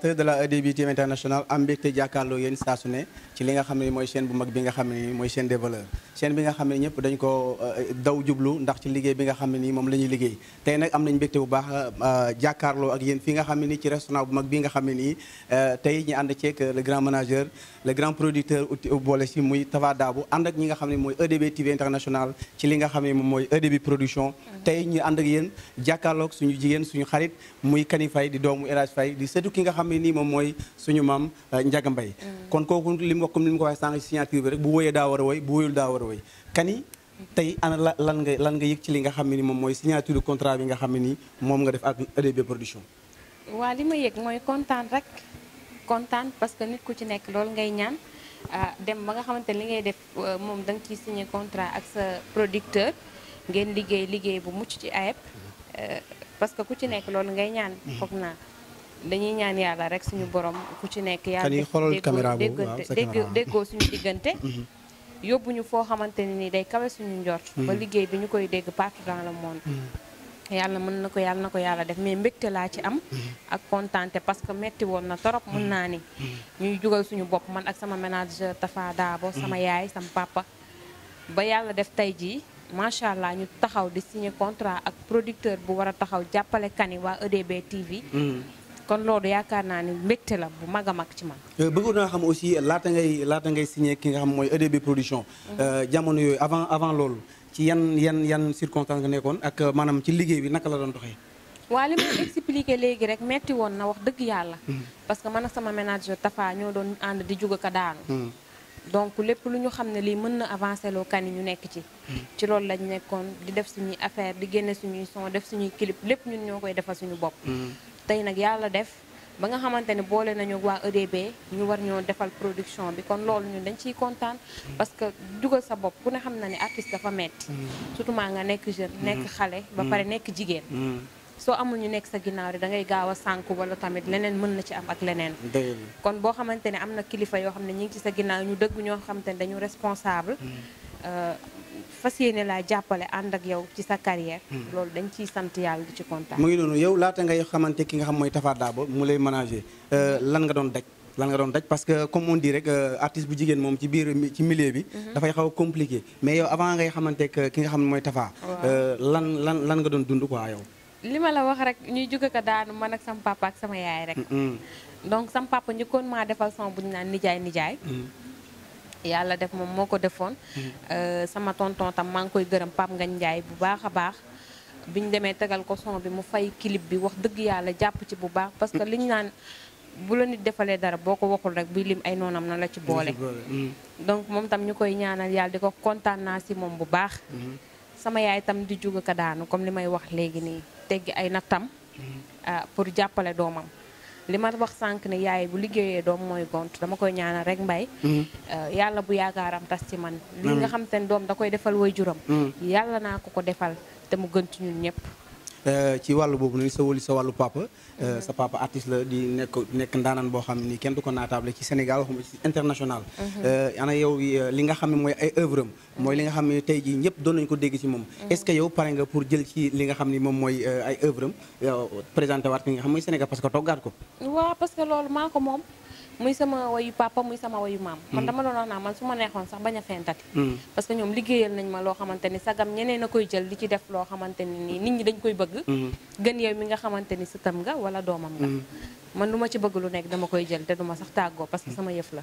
téléspectateurs de la EDB TV international am mbégte jàkkaarloo euh, liggéey bi nga xam ne nii moom la ñuy liggéey tey nag am nañ mbégte bu baax euh, jàkkaarloo yéen fi nga xam ne nii ci restaurant bu mag bi nga xam ne nii euh, tey ñu ànd ceeg le grand manager le grand producteur uti boole si muy Tafa Dabo ànd ñi nga xam ne mooy EDB TV international ci li nga xam ne moom mooy EDB production tey ñu ànd ak yéen jàkkaarloog suñu jigéen suñu xarit muy Kani Faye di doomu El Hadj di setu ki nga xam xam ne nii moom mooy suñu maam euh, Ndiaga Mbaye mm. kon kooku li mu ko waxee sànq signature bi rek bu woyee daa war a woy bu woyul daa war a woy kani tey ana la lan nga lan nga yëg ci li nga xam ne ni moom mooy signature contrat bi nga xam ne moom nga def ak EDB production waaw li ma yëg mooy kontaan rek kontaan parce que nit ku ci nekk lool ngay ñaan euh, dem ba nga xamante li ngay def euh, moom danga nga ciy signé contrat ak sa producteur ngeen liggéey liggéey bu mucc ci ayeb parce que dañuy ñaan yàlla rek suñu borom ku ci nekk yàlla déggoo suñu diggante mhm. yóbbu ñu foo xamante ne ni day kawe suñu njort mhm. ba liggéey bi ñu koy dégg partout dans le monde mhm. yàlla mën na ko yàlla na ko yàlla def mais mbégte laa ci am ak kontaante parce que metti woon na torop mën naa ni ñuy jugal suñu bopp man ak sama manager dafa Daabo sama yaay sama papa ba yàlla def tey jii macha allah ñu taxaw di signer contrat ak producteur bu war a taxaw jàppale Kani waa EDB TV kon loolu yaakaar naa ni mbekté la bu maga mak ci man bëggoon na xam aussi laata ngay laata ngay signé ki nga xam moy EDB production mhm. euh, jamono yoy avant avant loolu ci yan yan yan circonstance nga nekkoon ak euh, manam ci liggéey bi naka la doon doxé wa limu expliquer légui rek metti won na wax dëgg yalla mhm. parce que man sama manager Tafa ño doon and di jugga ka daan mhm. donc lepp lu ñu xam ne lii mën na kan ñu nekk ci ci lool lañ nekkoon di def suñu affaire di génné suñu son def suñu clip lepp ñun ñokoy koy defal suñu bop tey nag yàlla def ba nga xamante ne boole nañu waa EDB ñu war ñoo defal production bi kon loolu ñu dañ ciy kontaan parce que dugal sa bopp ku ne xam na ne artiste dafa metti mm. surtout maa nga nekk jeune mm. nekk xale ba pare mm. nekk jigéen soo amul ñu nekk sa ginnaaw rek da ngay gaaw a sànku wala tamit leneen mën na ci am ak leneen kon boo xamante ne am na kilifa yoo xam ne ñi ngi ci sa ginnaaw ñu dëgg ñoo xamante ne dañu responsable euh, fas yéene laa jàppale ànd ak yow ci sa carrière hmm. loolu dañ ciy sant yàlla ci kontaan. mu ngi noonu yow laata ngay xamante ki nga xam mooy Tafa Dabo mu lay manager euh, lan nga doon daj lan nga doon daj parce que comme on dit rek euh, artiste bu jigéen moom ci biir ci milieu bi. Hmm. dafay a compliqué mais yow avant ngay xamante ki nga xam ne mooy Tafa. Euh, lan lan lan nga doon dund quoi yow. li ma la wax rek ñuy jóge ko daanu man ak sama papa ak sama yaay rek. Hmm, donc sama papa njëkkoon maa defal son bu ñu naan nijaay nijaay. yàlla def moom moo ko defoon. Mm-hmm. Euh, sama tonton tam maa ngi koy gërëm Pape nga njaay bu baax a baax. bi ñu demee tegal ko son bi mu fay clip bi wax dëgg yàlla jàpp ci bu baax parce que liñ naan. bu la nit defalee dara boo ko waxul rek bii lim ay noonam na la ci boole mm-hmm. donc moom tam ñu koy ñaanal yàlla di ko kontaan naa si moom bu baax mm-hmm. sama yaay tam di juga ko daanu comme li may wax léegi nii teggi ay nattam ah, pour jàppale doomam li ma wax sànq ne yaay bu liggéeyee doom mooy gont dama koy ñaanal rek mbay mm-hmm. euh, yàlla bu yaakaaram tas ci man li nga mm-hmm. xam te doom da koy defal way juram mm-hmm. yàlla naa ko ko defal te mu gën ci ñun ñëpp Euh, ci wàllu boobu nag sa wëli sa wàllu papa euh, sa papa artiste la di nekk nekk ndaanaan boo xam ne kenn du ko naataable ci Sénégal waxuma ci international mhm. euh, ana yow li nga xam ne mooy ay œuvre mhm. mooy li nga xam ne tey jii ñëpp doon nañu ko dégg ci moom mhm. est-ce que yow pare nga pour jël ci li nga xam ne moom mooy ay œuvre am présenté waat ki nga xam mooy Sénégal parce que toggaat ko waaw parce que loolu maa ko moom muy sama wayu papa muy sama wayu maam kon mm. dama doon wax naa man su ma neexoon sax bañ a fentati mm. parce que ñoom liggéeyal nañ ma loo xamante ni sagam ñeneen a koy jël di ci def loo xamante ni nii nit ñi dañ koy bëgg mm. gën yow mi nga xamante ni sëtam nga wala doomam nga man lu ma ci bëgg lu nekk dama koy jël te duma sax tàggoo parce que sama yëf la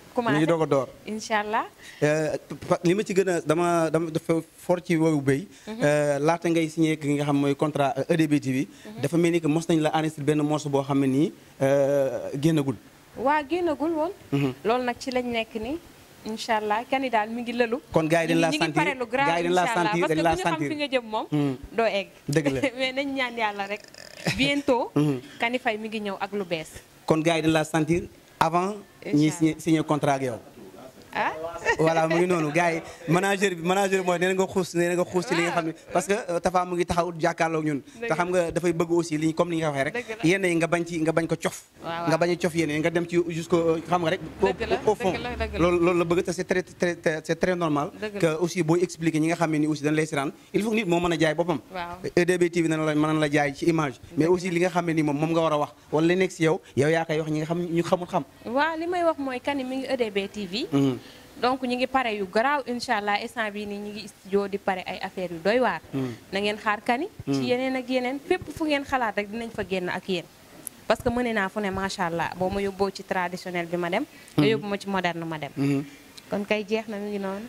commencé mi ngi doog door incha allah. Euh, li ma ci gën a dama dama dafa foor ci woowu béy. Mhm. Euh, laata ngay signé ki nga xam mooy contrat EDB TV bi. Mhm. dafa mel ni que mos nañ la enregistré benn morceau boo xam ne nii euh, génnagul. waa génnagul woon. Mhm. loolu nag ci lañ nekk ni incha allah kenn daal mi ngi lëlu. kon gaa yi dañ laa sentir gars yi dañ laa sentir laa sentir parce nga jëm moom. doo egg. dëgg la mais nañ ñaan yàlla rek. bientôt. Kani Faye mi ngi ñëw ak lu bees. kon gaa yi dañ laa sentir avant. ñu signé contrat ak yow. ah voilà mu ngi noonu gars yi manager bi manager bi mooy nee nga xuus nee na nga xuus ci li nga xam que euh, Tafa mu ngi taxaw jàkkaarloog ñun te xam nga dafay bëgg aussi li comme ni nga waxee rek yenn yi nga bañ ci a xam nga rek au fond loolu loolu la bëgg te c'est très très c'est moo mën a e moom moom nga war a wax wala li nekk si yow yaa koy wax ñi nga xam ñu xamul xam waaw li may wax mooy kan mi ngi EDB TV mm-hmm. donc ñu ngi pare yu garaaw incha allah instant bii nii ñu ngi studio di pare ay affaires yu doy waar. Hmm. na ngeen xaar kani. ci hmm. yeneen ak yeneen fépp fu ngeen xalaat rek dinañ fa génn ak yéen. parce que mëne naa fu ne macha allah boo ma yóbboo ci traditionnel bi ma dem. nga hmm. yóbbu ma ci moderne ma dem. kon kay jeex na mi ngi noonu.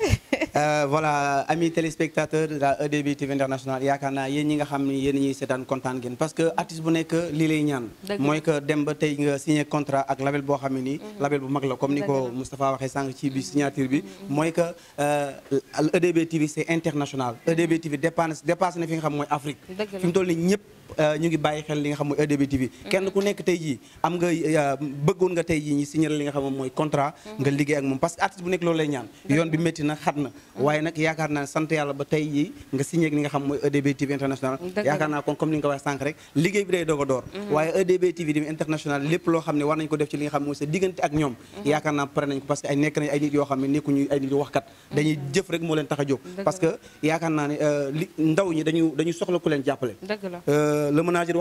Euh, voilà amis téléspectateurs de la EDB TV international yakana naa ñi nga xamni ni ñi sétane contane gene parce que artiste bu nek li lay ñaan moy que dem ba tay nga signé contrat ak label bo xamni mhm. label bu mag la comme Nico Mustapha waxe sang ci bi mhm. signature bi moy mhm. que EDB euh, e TV c'est international EDB TV dépasse dépasse na fi nga xam moy Afrique fi mu toll ni ñëpp euh, ñu ngi bayyi xel li nga xam moy EDB TV kenn ku nek tay ji am nga bëggoon nga tay ji ñi signé li nga xam moy contrat nga liggé ak parce que artiste bu nek loolu ñaan yoon bi metti na na waaye nag yaakaar naa sant yàlla ba tey yi nga signé ak li nga xam mooy EDB international yaakaar naa kon comme ni nga ko waxee rek liggéey bi day doog mhm. waaye EDB di international lépp loo xam ne war nañ ko def ci li nga xam mooy sa diggante ak ñoom mhm. yaakaar naa pare nañ ko parce que nekk nañ ay nit yoo xam ne nekkuñu ay nit yu waxkat mhm. dañuy jëf rek moo leen tax a jóg parce que yaakaar naa ne euh, ndaw ñi dañu soxla ku leen jàppale euh, le manager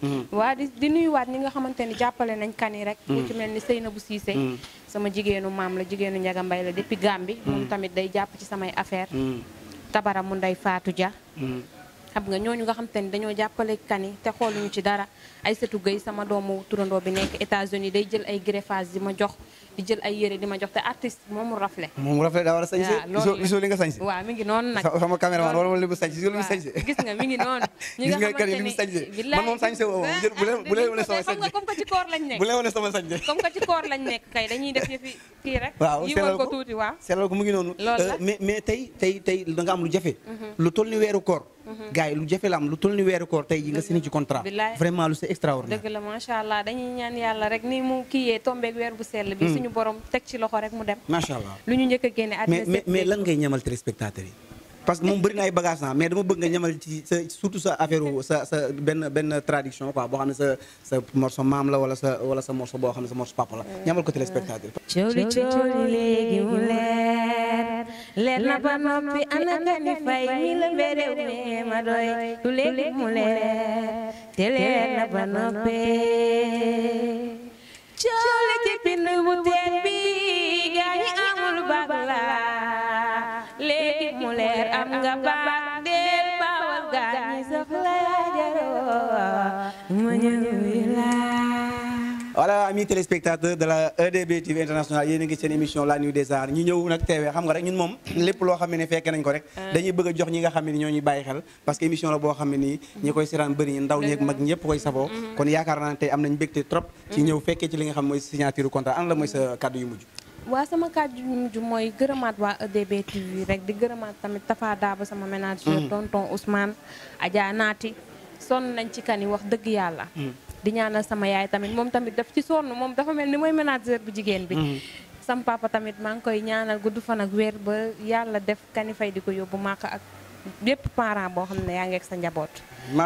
Mm-hmm. waa di di nuyuwaat ñi nga xamante ni jàppale nañ kan yi rek ku ci mm-hmm. mel ni sëy na Seynabou Cissé mm-hmm. sama jigéenu maam la jigéenu Njaga Mbay la depuis bi moom tamit day jàpp ci samay affaire tabara mu ndey Fatou ja xam nga ñooñu nga xamante ni dañoo jàppale kan yi te xooluñu ci dara ay setu gay sama doomu turandoo bi nekk États-Unis day jël ay greffage di ma jox di jël ay yére di ma jox te artiste moom mu rafle moom rafle daa war a sañse gisoo li nga sañse waaw mi ngi noonu nag sama caméraman wala moom li mu sañse gisoo li mu sañse gis nga mi ngi noonu ñi nga xamante ni man moom sañse woo bu leen bu leen wane sama sañse xam nga comme que ci koor lañ nekk bu leen wane sama sañse comme que ci koor lañ nekk kay dañuy def yëfi kii rek waaw yiwal ko tuuti waaw sellal ko mu ngi noonu euh, mais mais tey tey tey da nga am lu jafe mhm. lu toll ni weeru koor mhm. gars yi lu jafe la am lu toll ni weeru koor tey ji nga signé ci contrat vraiment lu c'est extraordinaire dëgg la macha allah dañuy ñaan yàlla rek ni mu kiyee tombeeg weer bu sell bi hmm. suñu borom tek ci loxo rek mu dem. macha allah lu ñu njëkk a mais mais lan ngay ñamal téléspectateur yi. parce que mom bari na ay bagage ah mais dama bëgg nga ñamal ci surtout sa affaire sa sa ben ben tradition quoi bo xam sa sa morso mam la wala sa wala sa morso bo xam sa morso papa la ñamal ko téléspectateur. cooli cooli léegi wu leer leer na ba noppi ana nga ni fay ñi la mbéréw mi ma doy tu léegi mu leer te leer na ba noppi. bu teen bi gaa amul baag la léegi mu leer am nga baag deel baawal gaa ñi saf la jaroo voilà amis téléspectateurs de la EDB TV international yéen a ngi seen émission la nuit des arts ñu ñëw nag teewee xam nga rek ñun moom lépp loo xam ne ni fekke nañ ko rek ah. dañuy bëgg a jox ñi nga xam ne ni ñoo ñuy bàyyi xel parce que émission la boo xam ne nii ñi koy siraan bëri ndaw ñeeg mag ñëpp koy safoo mm-hmm. kon yaakaar naa tey am nañ mbégte trop ci ñëw fekkee ci li nga xam mooy signature contrat an la mooy sa kàddu yu mujj waa sama kàddu yu mujj mooy e mm. wax dëgg yàlla mm. di ñaanal sama yaay tamit mom tamit daf ci sonu mom dafa melni moy manager bu jigen bi mm-hmm. sam papa tamit mang koy ñaanal guddu fan ak wër ba yalla def kanifay di ko mak ak bépp parent bo xam ne nga ak sa njaboot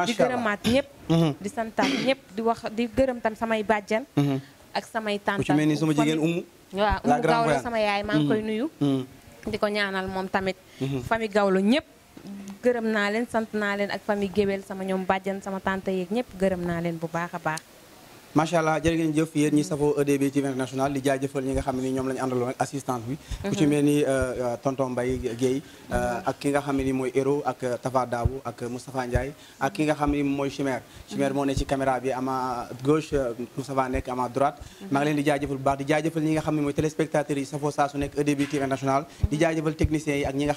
di gërëmaat ñëpp mm-hmm. di santaat ñëpp di wax di gërëm tam samay bàjjan mm-hmm. ak samay tànta ku ci melni sama jigen umu waaw umu gawlo sama yaay mang koy nuyu di ñaanal mom tamit fami gawlo ñëpp gërëm naa leen sant naa leen ak famille géwél sama ñoom bàjjan sama tante yeeg ñëpp gërëm naa leen bu baax a baax macha allah jërë ngeen jëf yéen ñi safoo EDB TV international di jaajëfal ñi nga xam ni ñoom la ñu àndaloon bi mhm. ku ci mel euh, euh, tonton Mbaye Guèye euh, mhm. ak ki nga xam ne ni mooy héros ak Tafa Daabu ak Moustapha Ndiaye ak ki nga xam ne ni mooy Chimère mhm. Chimère moo ne ci caméra bi ama gauche Moustapha nekk ama droite maa ngi leen di jaajëfal bu baax di jaajëfal ñi nga xam ne mooy téléspectateurs yi safoo saa su nekk EDB TV international di jaajëfal techniciens yi ak ñi nga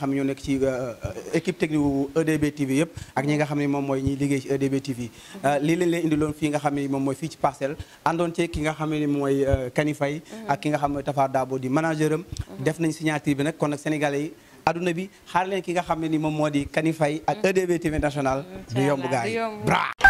xam ne e moom mooy ñi liggéey ci EDB TV moom mooy parcelle ki nga xam ne mooy euh, Kanifay mm-hmm. ak ki nga xam mooy Tafa Dabo di manager am mm-hmm. def nañ signature bi nag kon nag sénégalais yi aduna bi xaar leen ki nga xam ne ni moom moo di Kanifay ak mm-hmm. EDB TV national du yomb gaay bra